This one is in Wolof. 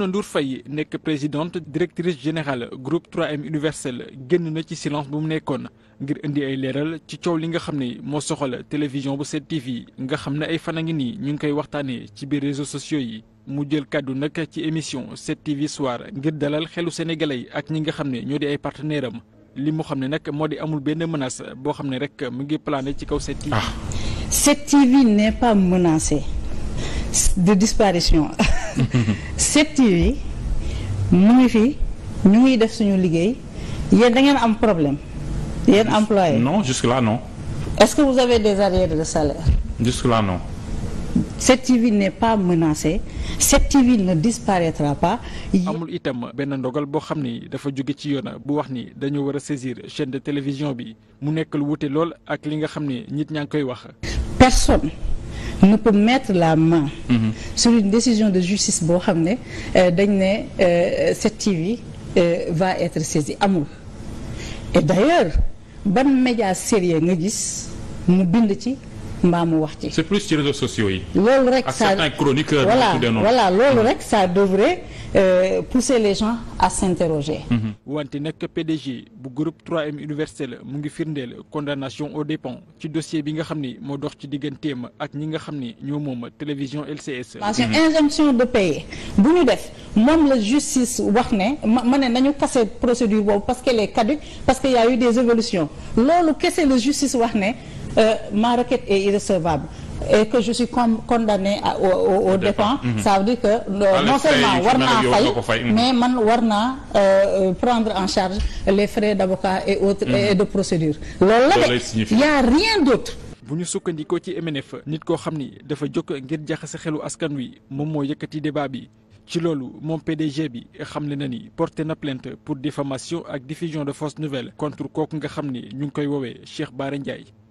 Aminata Ndour Faye nekk présidente directrice générale groupe 3M universel génn na ci silence bu mu nekkoon ngir indi ay leeral ci coow li nga xam ne moo soxal télévision bu Sen TV nga xam ne ay fan a ngi nii ñu ngi koy waxtaanee ci biir réseaux sociaux yi mu jël kàddu nag ci émission Sen TV soir ngir dalal xelu sénégalais yi ak ñi nga xam ne ñoo di ay partenaire am li mu xam ne nag moo di amul benn menace boo xam ne rek mu ngi plané ci kaw Sen TV. Ah. Cette 7TV mu ngi fi ñu ngi def suñu liggéey yéen da ngeen am problème yéen employé. non jusque là non. est-ce que vous avez des arriérés de salaire. jusque là non. 7TV n'est pas menacée 7TV ne disparaîtra pas. amul itam benn ndogal boo xam ni dafa jóge ci yoona bu wax ni dañu war a saisir chaîne de télévision bi mu nekk wute lool ak li nga xam ne nit ñaa ngi koy wax. personne. ne peut mettre la main mm sur une décision de justice boo xam ne euh, dañ ne euh, cette TV euh, va être saisie amul et d'ailleurs ban média sérieux nga gis mu bind ci mbaa mu wax ci. c'est plus ci réseaux sociaux yi. loolu rek ça certains chroniqueurs. voilà voilà loolu mm-hmm. rek ça devrait euh, pousser les gens à s'interroger mm-hmm. wante nag PDG bu groupe 3M Université la mu ngi firndeel condamnation aux dépens ci dossier bi nga xam ni moo dox ci digganteem ak ñi nga xam ni ñoo moom télévision LCS. parce mm-hmm. que injonction de payer bu ñu def moom la justice wax ne ma ma ne nañu casser procédure boobu parce qu'elle est caduque parce qu'il y a eu des évolutions loolu kese la justice wax ne. euh, ma requête est irrecevable et que je suis condamné au, au dépens mhm. veut dire que euh, seulement war naa fay mhm. mais man war naa euh, prendre en charge les frais d'avocat et autres mm -hmm. et de procédure loolu la de y a rien d'autre bu ñu sukkandikoo ci MNF nit koo xam ni dafa jóg ngir jaxase xelu askan wi moom moo yëkkati débat bi ci loolu moom PDG bi xam xamle na ni porté na plainte pour diffamation ak diffusion de fausses nouvelles contre kooku nga xam ni ñu ngi koy woowee Cheikh Bara Ndiaye